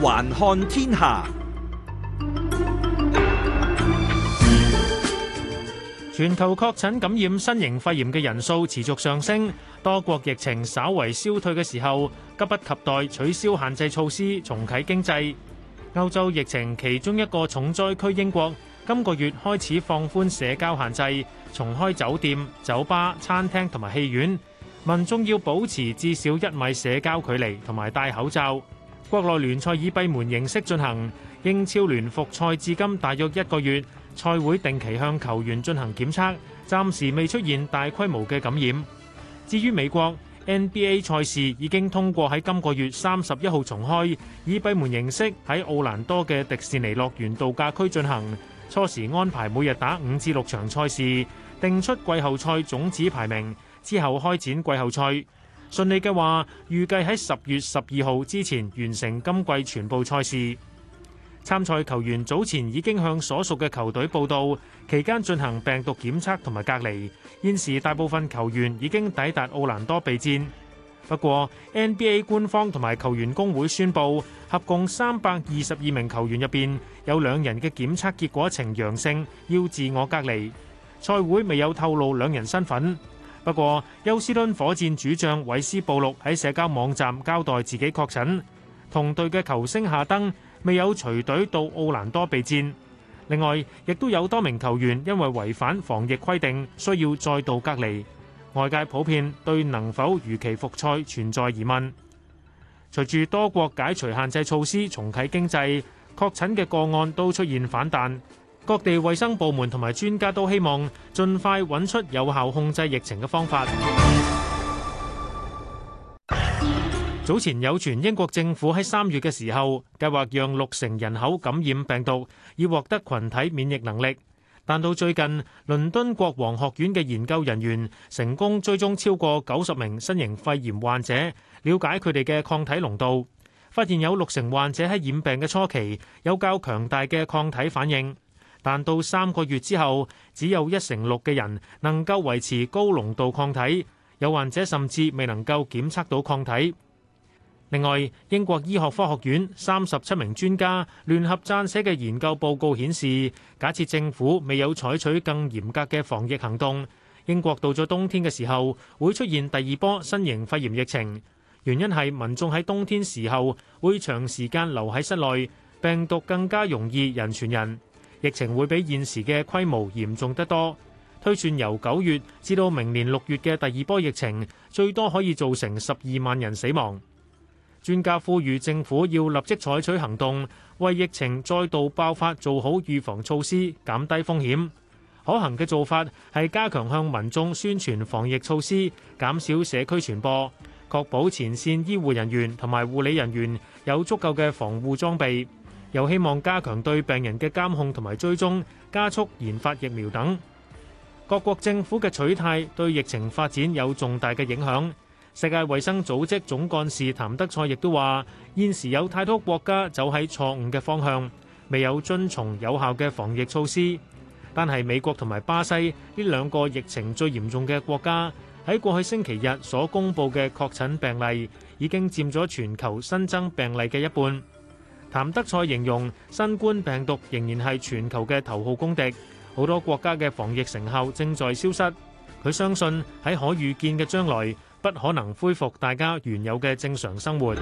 環看天下，全球確診感染新型肺炎嘅人數持續上升，多國疫情稍為消退嘅時候，急不及待取消限制措施，重啟經濟。歐洲疫情其中一個重災區英國，今個月開始放寬社交限制，重開酒店、酒吧、餐廳同埋戲院。民眾要保持至少一米社交距離同埋戴口罩。國內聯賽以閉門形式進行，英超聯復賽至今大約一個月，賽會定期向球員進行檢測，暫時未出現大規模嘅感染。至於美國 NBA 賽事已經通過喺今個月三十一號重開，以閉門形式喺奧蘭多嘅迪士尼樂園度假區進行，初時安排每日打五至六場賽事，定出季後賽種子排名。之後開展季後賽，順利嘅話，預計喺十月十二號之前完成今季全部賽事。參賽球員早前已經向所屬嘅球隊報到，期間進行病毒檢測同埋隔離。現時大部分球員已經抵達奧蘭多備戰。不過，NBA 官方同埋球員工會宣布，合共三百二十二名球員入面有兩人嘅檢測結果呈陽性，要自我隔離。賽會未有透露兩人身份。不過，休斯敦火箭主將韋斯布魯喺社交網站交代自己確診，同隊嘅球星夏登未有隨隊到奧蘭多備戰。另外，亦都有多名球員因為違反防疫規定，需要再度隔離。外界普遍對能否如期復賽存在疑問。隨住多國解除限制措施，重啟經濟，確診嘅個案都出現反彈。各地衛生部門同埋專家都希望盡快揾出有效控制疫情嘅方法。早前有傳英國政府喺三月嘅時候計劃讓六成人口感染病毒，以獲得群體免疫能力，但到最近倫敦國王學院嘅研究人員成功追蹤超過九十名新型肺炎患者，了解佢哋嘅抗體濃度，發現有六成患者喺染病嘅初期有較強大嘅抗體反應。但到三個月之後，只有一成六嘅人能夠維持高濃度抗體，有患者甚至未能夠檢測到抗體。另外，英國醫學科學院三十七名專家聯合撰寫嘅研究報告顯示，假設政府未有採取更嚴格嘅防疫行動，英國到咗冬天嘅時候會出現第二波新型肺炎疫情。原因係民眾喺冬天時候會長時間留喺室內，病毒更加容易人傳人。疫情會比現時嘅規模嚴重得多。推算由九月至到明年六月嘅第二波疫情，最多可以造成十二萬人死亡。專家呼籲政府要立即採取行動，為疫情再度爆發做好預防措施，減低風險。可行嘅做法係加強向民眾宣傳防疫措施，減少社區傳播，確保前線醫護人員同埋護理人員有足夠嘅防護裝備。又希望加強對病人嘅監控同埋追蹤，加速研發疫苗等。各國政府嘅取態對疫情發展有重大嘅影響，世界衛生組織總幹事譚德塞亦都話現時有太多國家走喺錯誤嘅方向，未有遵從有效嘅防疫措施。但係美國同埋巴西呢兩個疫情最嚴重嘅國家，喺過去星期日所公布嘅確診病例已經佔咗全球新增病例嘅一半。譚德塞形容新冠病毒仍然係全球嘅頭號公敵，好多國家嘅防疫成效正在消失。佢相信喺可預見嘅將來，不可能恢復大家原有嘅正常生活。